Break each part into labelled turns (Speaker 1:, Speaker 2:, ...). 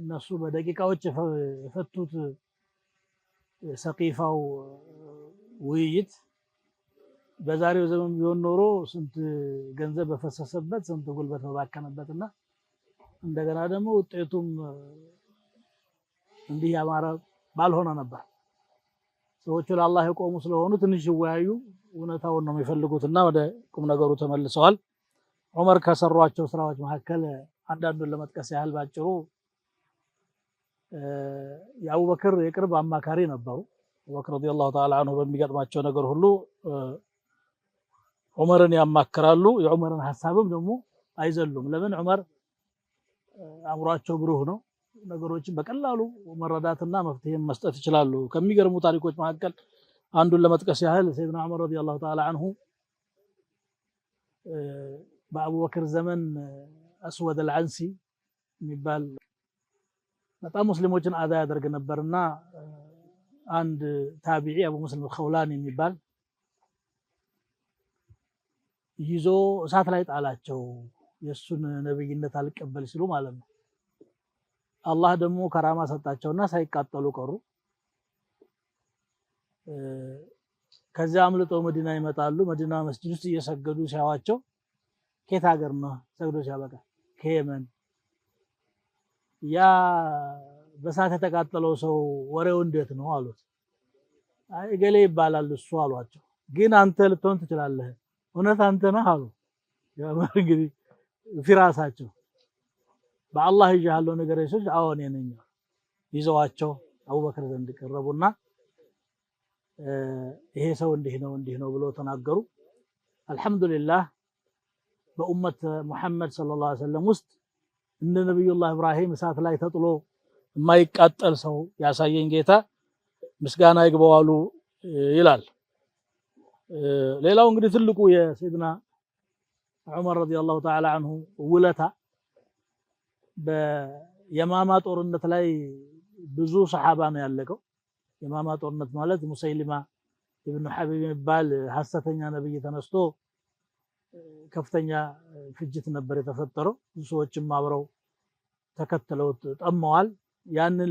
Speaker 1: እነሱ በደቂቃዎች የፈቱት ሰቂፋው ውይይት በዛሬው ዘመን ቢሆን ኖሮ ስንት ገንዘብ በፈሰሰበት ስንት ጉልበት በባከነበት እና እንደገና ደግሞ ውጤቱም እንዲህ ያማረ ባልሆነ ነበር። ሰዎቹ ለአላህ የቆሙ ስለሆኑ ትንሽ ይወያዩ፣ እውነታውን ነው የሚፈልጉት እና ወደ ቁም ነገሩ ተመልሰዋል። ዑመር ከሰሯቸው ስራዎች መካከል አንዳንዱን ለመጥቀስ ያህል ባጭሩ የአቡበክር የቅርብ አማካሪ ነበሩ። አቡበክር ረዲየላሁ ተዓላ አንሁ በሚገጥማቸው ነገር ሁሉ ዑመርን ያማክራሉ። የዑመርን ሀሳብም ደግሞ አይዘሉም። ለምን ዑመር አእምሯቸው ብሩህ ነው። ነገሮችን በቀላሉ መረዳትና መፍትሄ መስጠት ይችላሉ። ከሚገርሙ ታሪኮች መካከል አንዱን ለመጥቀስ ያህል ሰይድና ዑመር ረዲየላሁ ተዓላ አንሁ በአቡበክር ዘመን አስወድ አልዓንሲ የሚባል በጣም ሙስሊሞችን አዛ ያደርግ ነበርና አንድ ታቢዒ አቡ ሙስሊም ከውላን የሚባል ይዞ እሳት ላይ ጣላቸው። የእሱን ነብይነት አልቀበል ሲሉ ማለት ነው። አላህ ደግሞ ከራማ ሰጣቸውና ሳይቃጠሉ ቀሩ። ከዚያ አምልጦ መዲና ይመጣሉ። መዲና መስጂድ ውስጥ እየሰገዱ ሲያዋቸው ኬት ሀገር ነው ሰግዶ ሲያበቃ ከየመን ያ በሳት የተቃጠለው ሰው ወሬው እንዴት ነው አሉት። አይ ገሌ ይባላል እሱ አሏቸው። ግን አንተ ልትሆን ትችላለህ፣ እውነት አንተ ነህ አሉ። እንግዲህ ፊራሳቸው በአላህ ይዤ ያለው ነገር ይሰጥ አዎን ነኝ ይዘዋቸው አቡበክር ዘንድ ቀረቡና ይሄ ሰው እንዲህ ነው እንዲህ ነው ብሎ ተናገሩ። አልሐምዱሊላህ በኡመት ሙሐመድ ሰለላሁ ዐለይሂ ወሰለም ውስጥ እነ ነቢዩላህ ኢብራሂም እሳት ላይ ተጥሎ የማይቃጠል ሰው ያሳየኝ ጌታ ምስጋና ይግባዋሉ ይላል። ሌላው እንግዲህ ትልቁ የሰይድና ዑመር ረዲየላሁ ተዓላ አንሁ ውለታ በየማማ ጦርነት ላይ ብዙ ሰሓባ ነው ያለቀው። የማማ ጦርነት ማለት ሙሰይሊማ ኢብኑ ሐቢብ የሚባል ሐሰተኛ ነብይ ተነስቶ ከፍተኛ ፍጅት ነበር የተፈጠረው። ብዙ ሰዎችም አብረው ተከትለውት ጠመዋል። ያንን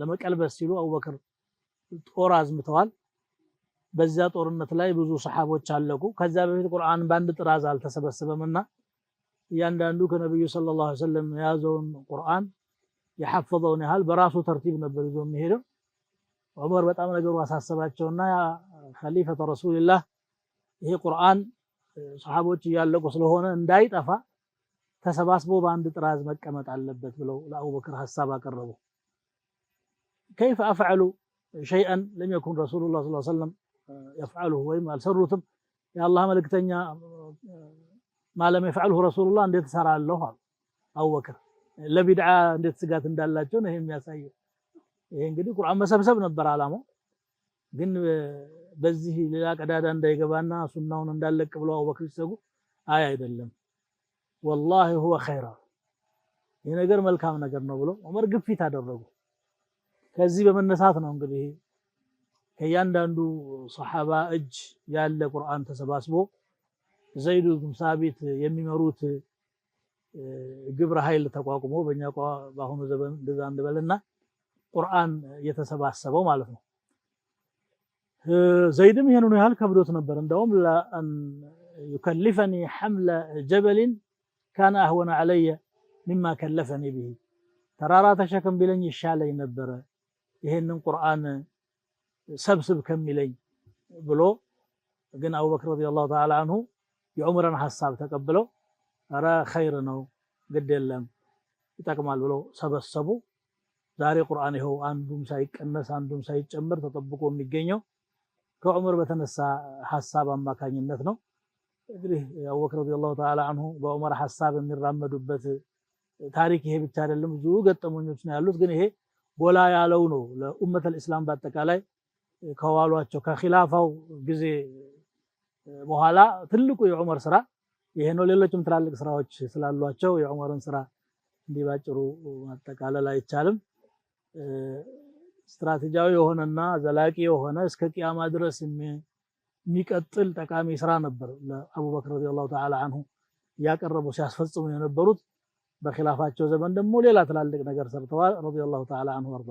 Speaker 1: ለመቀልበስ ሲሉ አቡበክር ጦር አዝምተዋል። በዚያ ጦርነት ላይ ብዙ ሰሓቦች አለቁ። ከዚያ በፊት ቁርአን በአንድ ጥራዝ አልተሰበሰበምና እያንዳንዱ ከነቢዩ ሰለላሁ ዐለይሂ ወሰለም የያዘውን ቁርአን የሐፈዘውን ያህል በራሱ ተርቲብ ነበር ይዞ የሚሄደው። ዑመር በጣም ነገሩ አሳሰባቸውና ኸሊፈተ ረሱልላህ ይሄ ቁርአን ሰሓቦች እያለቁ ስለሆነ እንዳይጠፋ ተሰባስቦ በአንድ ጥራዝ መቀመጥ አለበት ብለው ለአቡበክር ሀሳብ አቀረቡ። ከይፈ አፍዐሉ ሸይአን ለም የኩን ረሱሉላህ ሰለላሁ ዐለይሂ ወሰለም የፍዐሉሁ ወይም አልሰሩትም የአላህ መልእክተኛ ማለም የፍዐሉሁ ረሱሉላህ እንዴት እሰራለሁ አሉ አቡበክር። ለቢድዓ እንዴት ስጋት እንዳላቸው ነው የሚያሳየው። ይሄ እንግዲህ ቁርአን መሰብሰብ ነበር አላማው ግን በዚህ ሌላ ቀዳዳ እንዳይገባና ሱናውን እንዳለቅ ብለው አቡበክር ሲሰጉ፣ አይ አይደለም ወላሂ ሁወ ኸይራ ይህ መልካም ነገር ነው ብለው ዑመር ግፊት አደረጉ። ከዚህ በመነሳት ነው እንግዲህ ከእያንዳንዱ ሰሓባ እጅ ያለ ቁርአን ተሰባስቦ ዘይዱ ብን ሳቢት የሚመሩት ግብረ ኃይል ተቋቁሞ በእኛ በአሁኑ ዘመን እንደዛ እንበልና ቁርአን የተሰባሰበው ማለት ነው። ዘይድም ይሄንን ያህል ከብዶት ነበር። እንደውም ለአን ዩከልፈኒ ሐምለ ጀበልን ካነ አህወነ ዐለየ ሚማ ከለፈኒ ብሂ ተራራ ተሸክም ቢለኝ ይሻለኝ ነበረ ይሄንን ቁርአን ሰብስብ ከሚለኝ ብሎ ግን አቡበክር ረዲየላሁ ተዓላ አንሁ የዑመርን ሐሳብ ተቀብለው ኧረ ኸይር ነው ግድ የለም ይጠቅማል ብለው ሰበሰቡ። ዛሬ ቁርአን ይኸው አንዱም ሳይቀነስ አንዱም ሳይጨምር ተጠብቆ የሚገኘው ከዑመር በተነሳ ሐሳብ አማካኝነት ነው። እንግዲህ አቡበክር ረዲየላሁ ተዓላ አንሁ በዑመር ሐሳብ የሚራመዱበት ታሪክ ይሄ ብቻ አይደለም፣ ብዙ ገጠመኞች ነው ያሉት። ግን ይሄ ጎላ ያለው ነው ለኡመተል ኢስላም በአጠቃላይ ከዋሏቸው ከኺላፋው ጊዜ በኋላ ትልቁ የዑመር ስራ ይሄ ነው። ሌሎችም ትላልቅ ስራዎች ስላሏቸው የዑመርን ስራ እንዲህ ባጭሩ ማጠቃለል አይቻልም። ስትራቴጂያዊ የሆነና ዘላቂ የሆነ እስከ ቂያማ ድረስ የሚቀጥል ጠቃሚ ስራ ነበር ለአቡበክር ረዲየላሁ ተዓላ አንሁ ያቀረቡ ሲያስፈጽሙ የነበሩት። በኺላፋቸው ዘመን ደግሞ ሌላ ትላልቅ ነገር ሰርተዋል። ረዲየላሁ ተዓላ አንሁ አርዳ